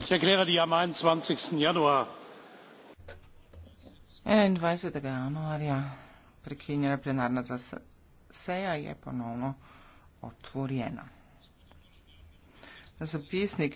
ich erkläre die am. einundzwanzig januar. enaindvajset januarja prekinjena plenarna seja je ponovno otvorjena. zapisnik